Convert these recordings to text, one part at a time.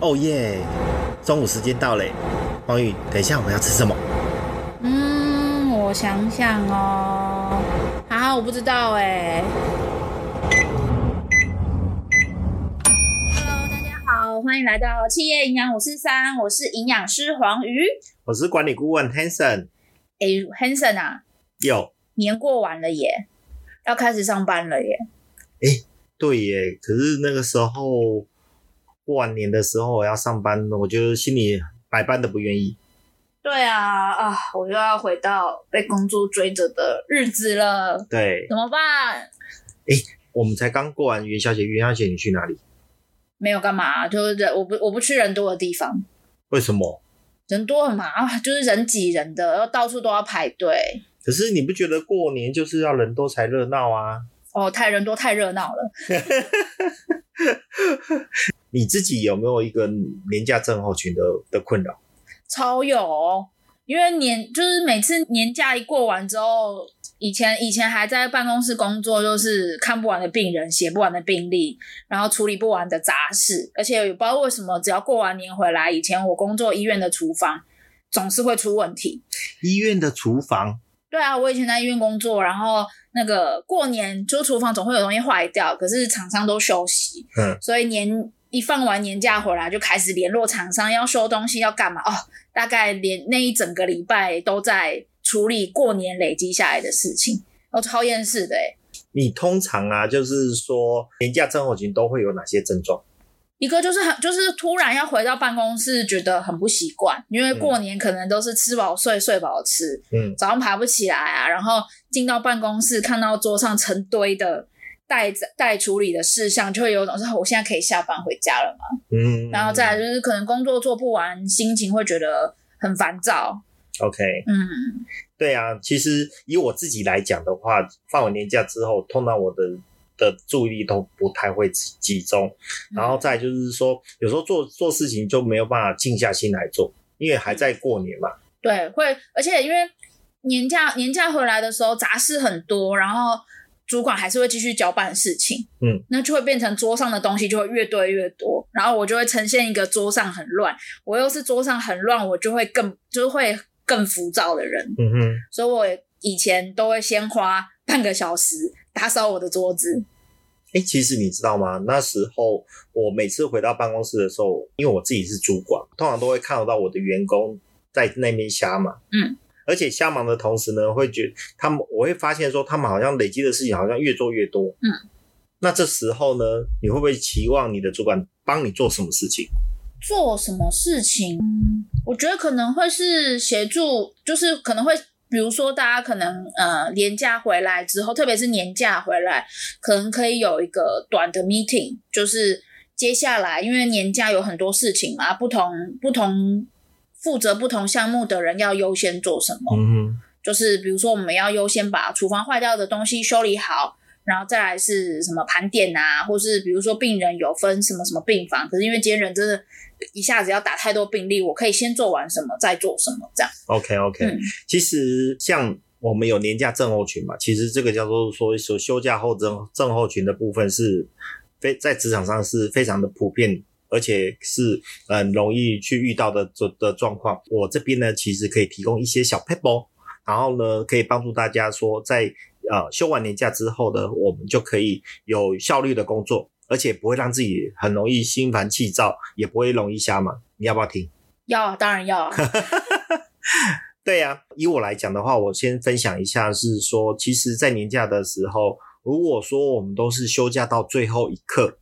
哦耶！Oh、yeah, 中午時間到嘞，黃魚，等一下我們要吃什麼？嗯，我想想哦，好，我不知道哎。Hello，大家好，歡迎來到企業營養，我是三，我是營養師黃魚，我是管理顧問 Hanson。哎、hey,，Hanson 啊，有 Yo. 年過完了耶，要開始上班了耶。哎，hey, 對耶，可是那個時候。過完年的時候，我要上班，我就心裡百般的不願意。對啊，啊，我又要回到被工作追着的日子了。對，怎麼辦？欸，我們才剛過完元宵節，元宵節你去哪裡？沒有幹嘛，就是我不我不去人多的地方。為什麼？人多很麻煩，就是人擠人的，然後到處都要排隊。可是你不覺得過年就是要人多才熱鬧啊？哦，太人多太熱鬧了。 你自己有沒有一個年假症候群的的困擾？超有哦，因為年就是每次年假一過完之後，以前以前還在辦公室工作，就是看不完的病人，寫不完的病歷，然後處理不完的雜事，而且也不知道為什麼，只要過完年回來，以前我工作醫院的廚房總是會出問題。醫院的廚房？對啊，我以前在醫院工作，然後那個過年、就是廚房總會有東西壞掉，可是廠商都休息，嗯，所以年。一放完年假回來就開始聯絡廠商要收東西要幹嘛哦，大概連那一整個禮拜都在處理過年累積下來的事情，我超厭世的。你通常啊，就是說年假症候群都會有哪些症狀？一個就是很就是突然要回到辦公室覺得很不習慣，因為過年可能都是吃飽睡睡飽吃，嗯，早上爬不起來啊，然後進到辦公室看到桌上成堆的。待待處理的事項就會有種是，我現在可以下班回家了嘛。嗯，然後再來就是可能工作做不完，心情會覺得很煩躁。OK，嗯，對啊，其實以我自己來講的話，放完年假之後，通常我的的注意力都不太會集集中，然後再來就是說，嗯、有時候做做事情就沒有辦法靜下心來做，因為還在過年嘛。對，會，而且因為年假年假回來的時候雜事很多，然後。主管還是會繼續交辦事情，嗯，那就會變成桌上的東西就會越堆越多，然後我就會呈現一個桌上很亂，我又是桌上很亂，我就會更就會更浮躁的人，嗯哼，所以我以前都會先花半個小時打掃我的桌子。哎、欸，其實你知道嗎？那時候我每次回到辦公室的時候，因為我自己是主管，通常都會看得到我的員工在那邊瞎忙，嗯。而且瞎忙的同時呢，會覺得他們，我會發現說他們好像累積的事情好像越做越多。嗯，那這時候呢，你會不會期望你的主管幫你做什麼事情？做什麼事情？我覺得可能會是協助，就是可能會，比如說大家可能呃年假回來之後，特別是年假回來，可能可以有一個短的 meeting，就是接下來，因為年假有很多事情嘛，不同不同。負責不同項目的人要優先做什麼？嗯哼，就是比如說我們要優先把廚房壞掉的東西修理好，然後再來是什麼盤點啊，或是比如說病人有分什麼什麼病房。可是因為今天人真的，一下子要打太多病例，我可以先做完什麼再做什麼這樣。OK OK，嗯，其實像我們有年假症候群嘛，其實這個叫做說說休假後症症候群的部分是，非在職場上是非常的普遍。而且是很容易去遇到的狀的狀況。我這邊呢，其實可以提供一些小撇步，然後呢，可以幫助大家說在，在呃休完年假之後呢，我們就可以有效率的工作，而且不會讓自己很容易心煩氣躁，也不會容易瞎忙。你要不要聽？要，當然要。 對呀、啊，以我來講的話，我先分享一下，是說，其實，在年假的時候，如果說我們都是休假到最後一刻。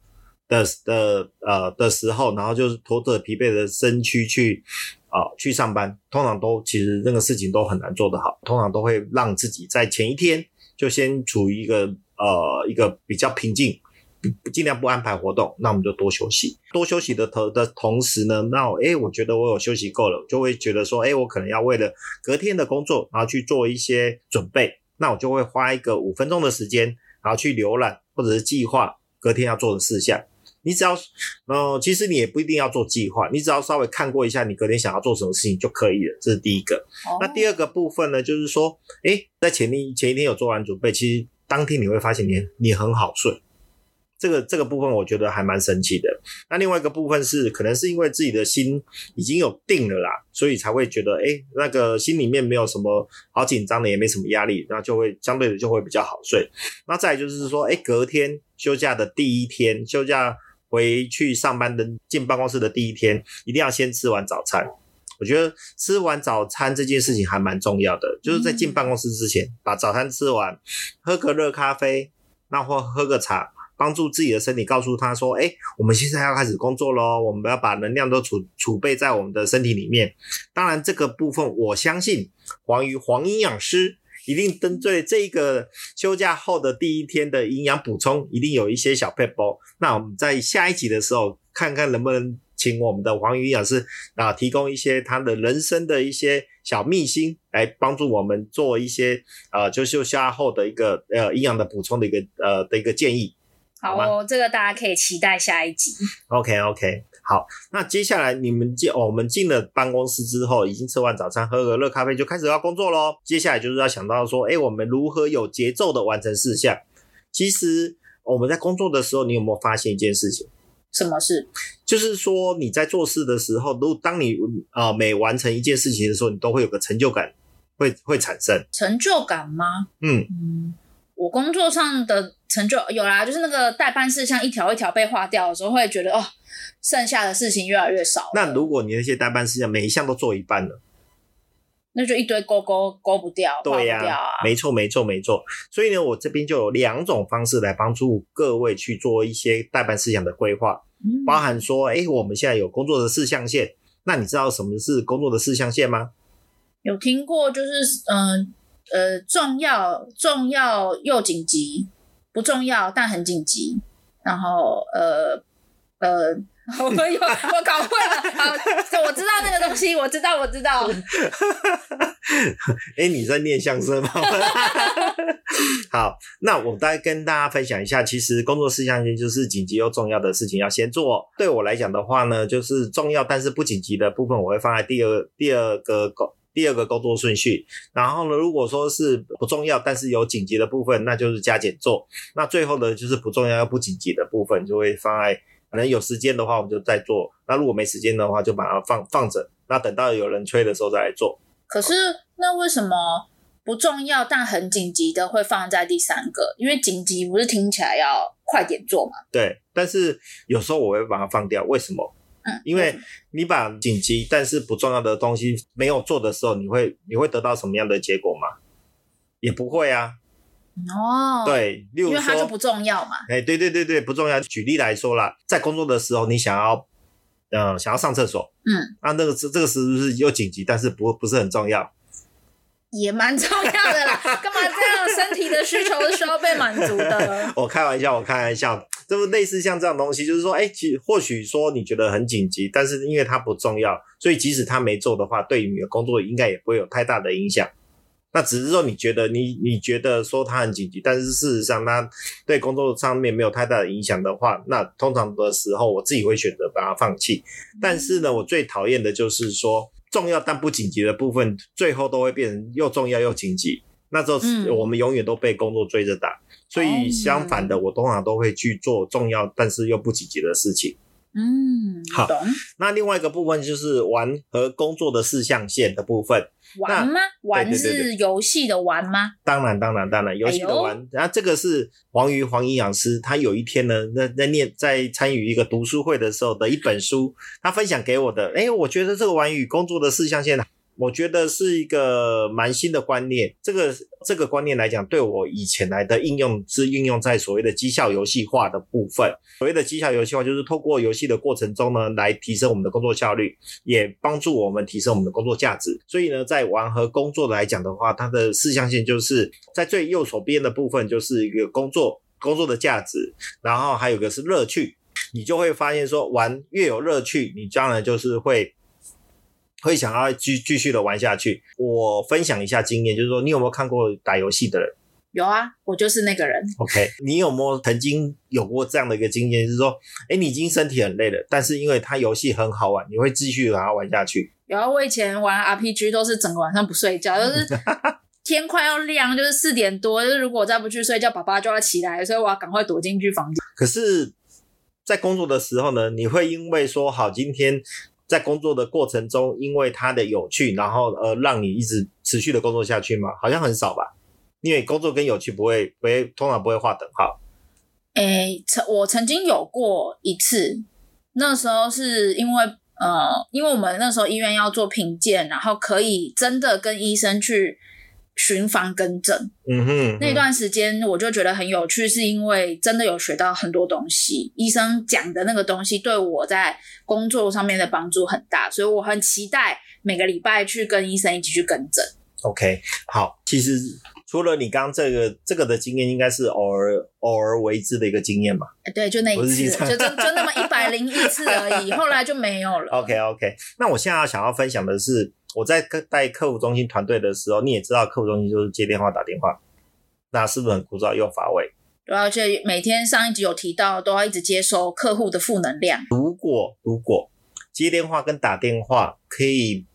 的的呃的時候，然後就是拖着疲憊的身軀去啊、呃、去上班，通常都其實這個事情都很難做得好，通常都會讓自己在前一天就先處於一個呃一個比較平靜，儘量不安排活動，那我們就多休息，多休息的頭的同時呢，那哎我，我覺得我有休息夠了，我就會覺得說哎我可能要為了隔天的工作，然後去做一些準備，那我就會花一個五分鐘的時間，然後去瀏覽或者是計劃隔天要做的事項。你只要，呃，其實你也不一定要做計劃，你只要稍微看過一下你隔天想要做什麼事情就可以了。這是第一個。哦、那第二個部分呢，就是說，誒，在前一前一天有做完準備，其實當天你會發現你你很好睡。這個這個部分我覺得還蠻神奇的。那另外一個部分是，可能是因為自己的心已經有定了啦，所以才會覺得，誒，那個心裡面沒有什麼好緊張的，也沒什麼壓力，那就會相對的就會比較好睡。那再就是說，誒，隔天休假的第一天休假。回去上班的進辦公室的第一天，一定要先吃完早餐。我覺得吃完早餐這件事情還蠻重要的，就是在進辦公室之前把早餐吃完，喝個熱咖啡，那或喝個茶，幫助自己的身體，告訴他說：哎，我們現在要開始工作嘍，我們要把能量都儲儲備在我們的身體裡面。當然，這個部分我相信黃於黃營養師。一定針對這一個休假後的第一天的營養補充，一定有一些小撇步。那我們在下一集的時候，看看能不能請我們的黃瑜營養師啊、呃，提供一些他的人生的一些小秘辛，來幫助我們做一些呃，就休假後的一個呃營養的補充的一個呃的一個建議。好，好哦，這個大家可以期待下一集。OK OK，好，那接下來你們進、哦、我們進了辦公室之後，已經吃完早餐，喝個熱咖啡，就開始要工作嘍。接下來就是要想到說，哎、欸，我們如何有節奏的完成事項。其實我們在工作的時候，你有沒有發現一件事情？什麼事？就是說你在做事的時候，如果當你啊、呃、每完成一件事情的時候，你都會有個成就感，會會產生成就感嗎？嗯，嗯，我工作上的。成就有啦，就是那個待辦事項一條一條被劃掉的時候，會覺得哦，剩下的事情越來越少。那如果你那些待辦事項每一項都做一半了，那就一堆勾勾勾不掉，對呀、啊，啊、沒錯沒錯沒錯。所以呢，我這邊就有兩種方式來幫助各位去做一些待辦事項的規劃，嗯、包含說，哎、欸，我們現在有工作的四象限，那你知道什麼是工作的四象限嗎？有聽過，就是嗯呃，呃，重要重要又緊急。不重要，但很緊急。然後，呃，呃，我們，我搞混了 好。我知道那個東西，我知道，我知道。誒、 欸、你在念相聲嗎？ 好，那我再跟大家分享一下。其實工作事項就是緊急又重要的事情要先做。對我來講的話呢，就是重要但是不緊急的部分，我會放在第二第二個。第二個工作順序，然後呢，如果說是不重要但是有緊急的部分，那就是加減做。那最後呢，就是不重要又不緊急的部分，就會放在可能有時間的話，我們就再做。那如果沒時間的話，就把它放放着。那等到有人催的時候再來做。可是那為什麼不重要但很緊急的會放在第三個？因為緊急不是聽起來要快點做嘛？對，但是有時候我會把它放掉，為什麼？因為你把緊急但是不重要的東西沒有做的時候，你會你會得到什麼樣的結果嗎？也不會啊。哦，No, 對，例如說，因為它就不重要嘛。哎、欸，對對對對，不重要。舉例來說了，在工作的時候，你想要、呃、想要上廁所，嗯，那、啊、那個這這個時候是不是又緊急，但是不不是很重要？也蠻重要的啦。 你的需求是需要被滿足的。 我開玩笑，我開玩笑，這不類似像這樣東西，就是說，哎、欸，其實或許說你覺得很緊急，但是因為它不重要，所以即使他沒做的話，對你的工作應該也不會有太大的影響。那只是說你覺得你你覺得說它很緊急，但是事實上它對工作上面沒有太大的影響的話，那通常的時候我自己會選擇把它放棄。嗯、但是呢，我最討厭的就是說重要但不緊急的部分，最後都會變成又重要又緊急。那時候我們永遠都被工作追着打，嗯、所以相反的，我通常都會去做重要但是又不緊急的事情。嗯，好。懂那另外一個部分就是玩和工作的四象限的部分。玩嗎？那玩是遊戲的玩嗎？當然，當然，當然，遊戲的玩。然後、哎呦啊、這個是黃瑜黃營養師，他有一天呢，那在念在參與一個讀書會的時候的一本書，他分享給我的。哎、欸，我覺得這個玩與工作的四象限我覺得是一個蠻新的觀念。這個這個觀念來講，對我以前來的應用是應用在所謂的績效遊戲化的部分。所謂的績效遊戲化，就是透過遊戲的過程中呢，來提升我們的工作效率，也幫助我們提升我們的工作價值。所以呢，在玩和工作的來講的話，它的四象限就是在最右手邊的部分，就是一個工作工作的價值，然後還有一個是樂趣。你就會發現說，玩越有樂趣，你將來就是會。會想要繼繼續的玩下去。我分享一下經驗，就是說你有沒有看過打遊戲的人？有啊，我就是那個人。OK，你有沒有曾經有過這樣的一個經驗？就是說，哎，你已經身體很累了，但是因為他遊戲很好玩，你會繼續把它玩下去？有啊，我以前玩 RPG 都是整個晚上不睡覺，就是天快要亮，就是四點多， 就是如果再不去睡覺，爸爸就要起來，所以我要趕快躲進去房間。可是，在工作的時候呢，你會因為說好今天。在工作的過程中，因為它的有趣，然後呃，讓你一直持續的工作下去嘛，好像很少吧。因為工作跟有趣不會，不會通常不會劃等號。誒、欸，曾我曾經有過一次，那時候是因為呃，因為我們那時候醫院要做評鑑，然後可以真的跟醫生去。巡房跟診，嗯哼，嗯哼，那段時間我就覺得很有趣，是因為真的有學到很多東西。醫生講的那個東西，對我在工作上面的幫助很大，所以我很期待每個禮拜去跟醫生一起去跟診。OK，好，其實。除了你剛，剛這個這個的經驗，應該是偶爾偶爾為之的一個經驗嘛？欸、對，就那一次， 就就就那麼一百零一次而已， 後來就沒有了。OK OK，那我現在想要分享的是，我在客帶客服中心團隊的時候，你也知道，客服中心就是接電話打電話，那是不是很枯燥又乏味？對、啊，就每天上一集有提到，都要一直接收客戶的負能量。如果如果接電話跟打電話可以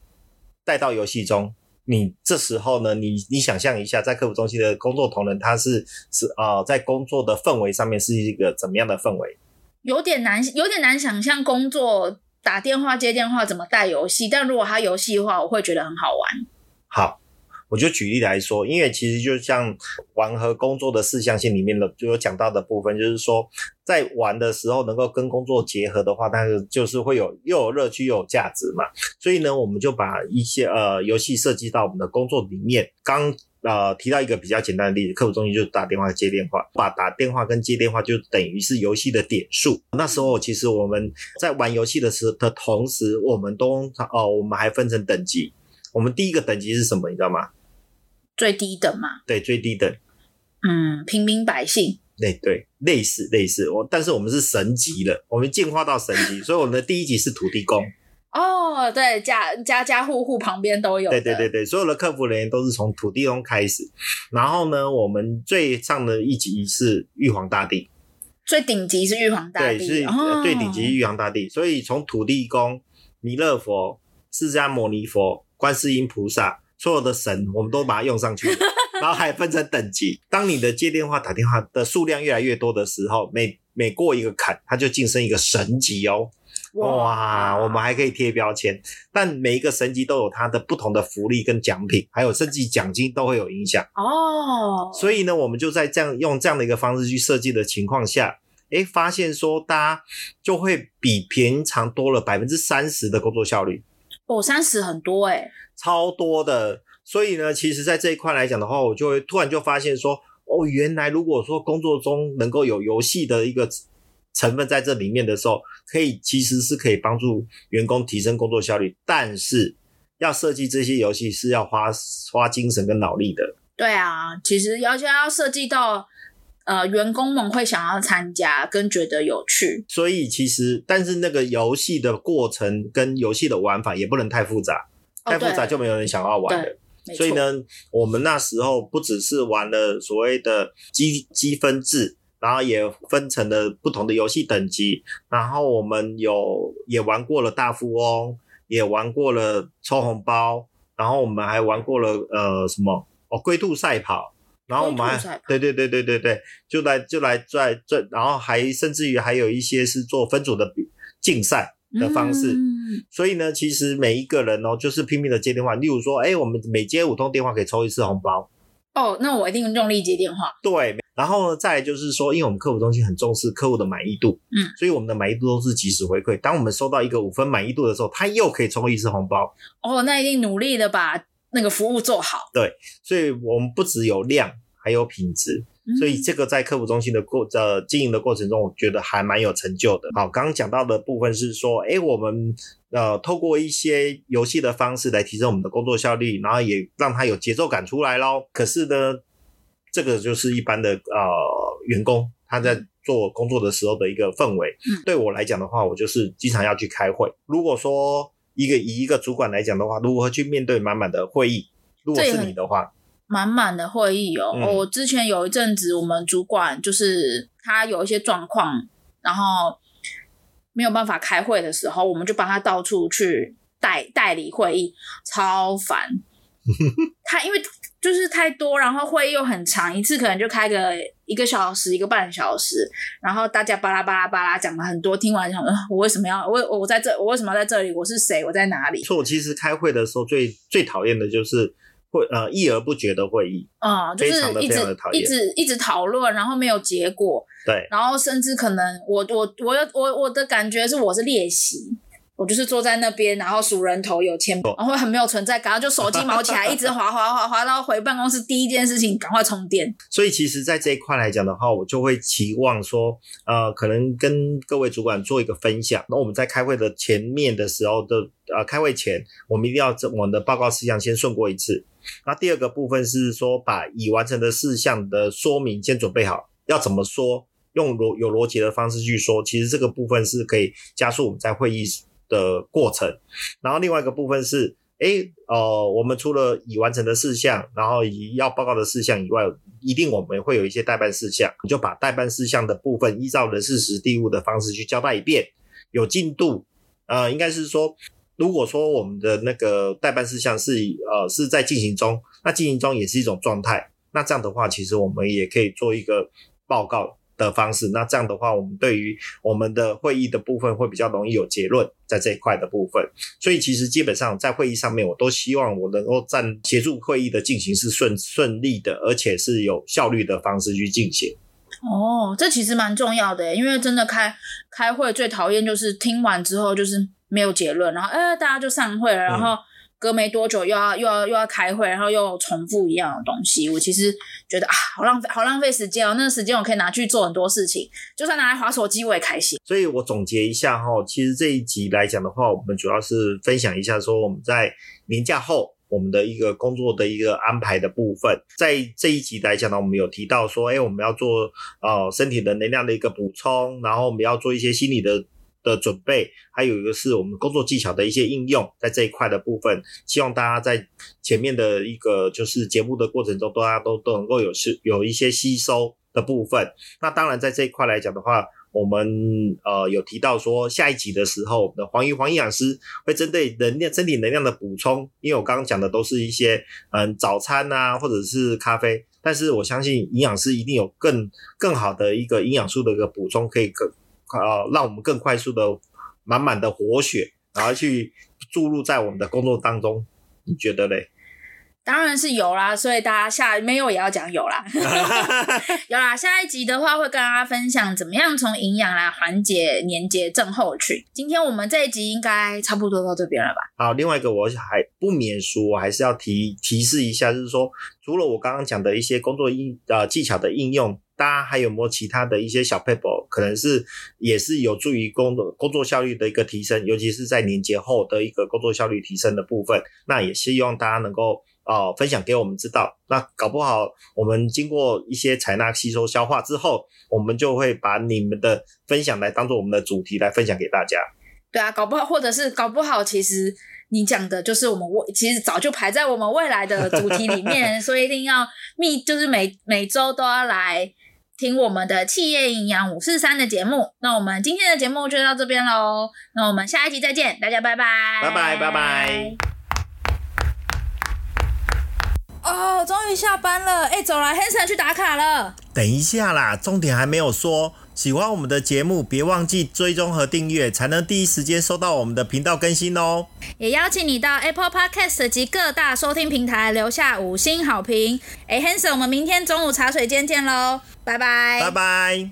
帶到遊戲中。你這時候呢？你你想象一下，在客服中心的工作同仁，他是是啊、呃，在工作的氛圍上面是一個怎麼樣的氛圍？有點難，有點難想象工作打電話接電話，怎麼帶遊戲？但如果他遊戲的話，我會覺得很好玩。好。我就舉例來說，因為其實就像玩和工作的四象限裡面的就有講到的部分，就是說在玩的時候能夠跟工作結合的話，但是就是會有又有樂趣又有價值嘛。所以呢，我們就把一些呃遊戲設計到我們的工作裡面。剛呃提到一個比較簡單的例子，客服中心就是打電話接電話，把打電話跟接電話就等於是遊戲的點數。那時候其實我們在玩遊戲的時的同時，我們都哦我們還分成等級。我們第一個等級是什麼？你知道嗎？最低等嘛，對最低等，嗯，平民百姓，對對，類似類似。我但是我們是神級了，我們進化到神級， 所以我們的第一級是土地公。哦，對，家家家戶戶旁邊都有對，對對對對，所有的客服人員都是從土地公開始。然後呢，我們最上的一級是玉皇大帝，最頂級是玉皇大帝，對是，哦、最頂級玉皇大帝。所以從土地公、彌勒、哦、佛、釋迦牟尼佛、觀世音菩薩。所有的神，我們都把它用上去， 然後還分成等級。當你的接電話、打電話的數量越來越多的時候，每每過一個坎，它就晉升一個神級哦。Wow. 哇，我們還可以貼標籤，但每一個神級都有它的不同的福利跟獎品，還有甚至獎金都會有影響哦。Oh. 所以呢，我們就在這樣用這樣的一個方式去設計的情況下，誒，發現說大家就會比平常多了百分之三十的工作效率。哦，三十很多哎、欸，超多的。所以呢，其實，在這一塊來講的話，我就會突然就發現說，哦，原來如果說工作中能夠有遊戲的一個成分在這裡面的時候，可以其實是可以幫助員工提升工作效率。但是，要設計這些遊戲是要花花精神跟腦力的。對啊，其實要要要設計到。呃，員工們會想要參加，跟覺得有趣。所以其實，但是那個遊戲的過程跟遊戲的玩法也不能太複雜，太複雜就沒有人想要玩的。哦、所以呢，我們那時候不只是玩了所謂的積積分制，然後也分成了不同的遊戲等級。然後我們有也玩過了大富翁，也玩過了抽紅包，然後我們還玩過了呃什麼哦，龜兔賽跑。然後我們還、啊、對對對對對對，就來就來在在，然後還甚至於還有一些是做分組的比競賽的方式，嗯、所以呢，其實每一個人哦，就是拼命的接電話。例如說，哎、欸，我們每接五通電話可以抽一次紅包。哦，那我一定用力接電話。對，然後呢，再來就是說，因為我們客服中心很重視客戶的滿意度，嗯，所以我們的滿意度都是即時回饋。當我們收到一個五分滿意度的時候，他又可以抽一次紅包。哦，那一定努力的把那個服務做好。對，所以我們不只有量。還有品質，所以這個在客服中心的過呃經營的過程中，我覺得還蠻有成就的。好，剛剛講到的部分是說，誒、欸，我們呃透過一些遊戲的方式來提升我們的工作效率，然後也讓他有節奏感出來咯。可是呢，這個就是一般的呃員工他在做工作的時候的一個氛圍。嗯、對我來講的話，我就是經常要去開會。如果說一個以一個主管來講的話，如何去面對滿滿的會議？如果是你的話？滿滿的會議哦！我、嗯哦、之前有一陣子，我們主管就是他有一些狀況，然後沒有辦法開會的時候，我們就幫他到處去代代理會議，超煩。 他因為就是太多，然後會議又很長，一次可能就開個一個小時、一個半小時，然後大家巴拉巴拉巴拉講了很多，聽完、呃、我為什麼要我我在這？我為什麼要在這裡？我是誰？我在哪裡？所以，我其實開會的時候最最討厭的就是。會呃，議而不決的會議，啊、嗯，就是一直一直一直討論，然後沒有結果，對，然後甚至可能我，我我我我我的感覺是，我是列席。我就是坐在那邊，然後數人頭有錢，然後很沒有存在感，就手機毛起來，一直滑滑滑滑，滑到回辦公室第一件事情趕快充電。所以其實，在這一塊來講的話，我就會期望說，呃，可能跟各位主管做一個分享。那我們在開會的前面的時候的，呃，開會前，我們一定要把我們的報告事項先順過一次。那第二個部分是說，把已完成的事項的說明先準備好，要怎麼說，用邏有邏輯的方式去說。其實這個部分是可以加速我們在會議室。的過程，然後另外一個部分是，哎，哦、呃，我們除了已完成的事項，然後以要報告的事項以外，一定我們會有一些待辦事項，你就把待辦事項的部分依照人事時地物的方式去交代一遍，有進度，呃，應該是說，如果說我們的那個待辦事項是，呃，是在進行中，那進行中也是一種狀態，那這樣的話，其實我們也可以做一個報告的方式，那這樣的話，我們對於我們的會議的部分會比較容易有結論，在這一塊的部分。所以其實基本上在會議上面，我都希望我能夠占協助會議的進行是順順利的，而且是有效率的方式去進行。哦，這其實蠻重要的，因為真的開開會最討厭就是聽完之後就是沒有結論，然後哎，大家就散會了，然後、嗯。隔沒多久又要又要又要開會，然後又重複一樣的東西。我其實覺得啊，好浪費，好浪費時間哦。那個時間我可以拿去做很多事情，就算拿來滑手機我也開心。所以我總結一下哈、哦，其實這一集來講的話，我們主要是分享一下說我們在年假後我們的一個工作的一個安排的部分。在這一集來講呢，我們有提到說，哎，我們要做呃身體的能量的一個補充，然後我們要做一些心理的，的準備，還有一個是我們工作技巧的一些應用，在這一塊的部分，希望大家在前面的一個就是節目的過程中，大家都都能夠有是有一些吸收的部分。那當然，在這一塊來講的話，我們呃有提到說下一集的時候，我們的黃魚黃營養師會針對能量身體能量的補充，因為我剛剛講的都是一些嗯早餐啊或者是咖啡，但是我相信營養師一定有更更好的一個營養素的一個補充，可以更。呃，讓我們更快速的，滿滿的活血，然後去注入在我們的工作當中，你覺得嘞？當然是有啦，所以大家下沒有也要講有啦， 有啦。下一集的話會跟大家分享怎麼樣從營養來緩解年節症候群。今天我們這一集應該差不多到這邊了吧？好，另外一個我還不免說，我還是要提提示一下，就是說除了我剛剛講的一些工作應呃技巧的應用。大家還有沒有其他的一些小撇步，可能是也是有助於工作工作效率的一個提升，尤其是在年節後的一個工作效率提升的部分。那也希望大家能夠啊、呃、分享給我們知道。那搞不好我們經過一些採納、吸收、消化之後，我們就會把你們的分享來當做我們的主題來分享給大家。對啊，搞不好或者是搞不好，其實你講的就是我們未其實早就排在我們未來的主題裡面， 所以一定要密，就是每每週都要來。聽我們的企業營養五四三的節目，那我們今天的節目就到這邊嘍。那我們下一集再見，大家拜拜，拜拜拜拜。哦，終於下班了，哎，走了，Hanson 去打卡了。等一下啦，重點還沒有說。喜歡我們的節目，別忘記追蹤和訂閱，才能第一時間收到我們的頻道更新哦。也邀請你到 Apple Podcast 及各大收聽平台留下五星好評。哎，Hanson，我們明天中午茶水間見嘍，拜拜，拜拜。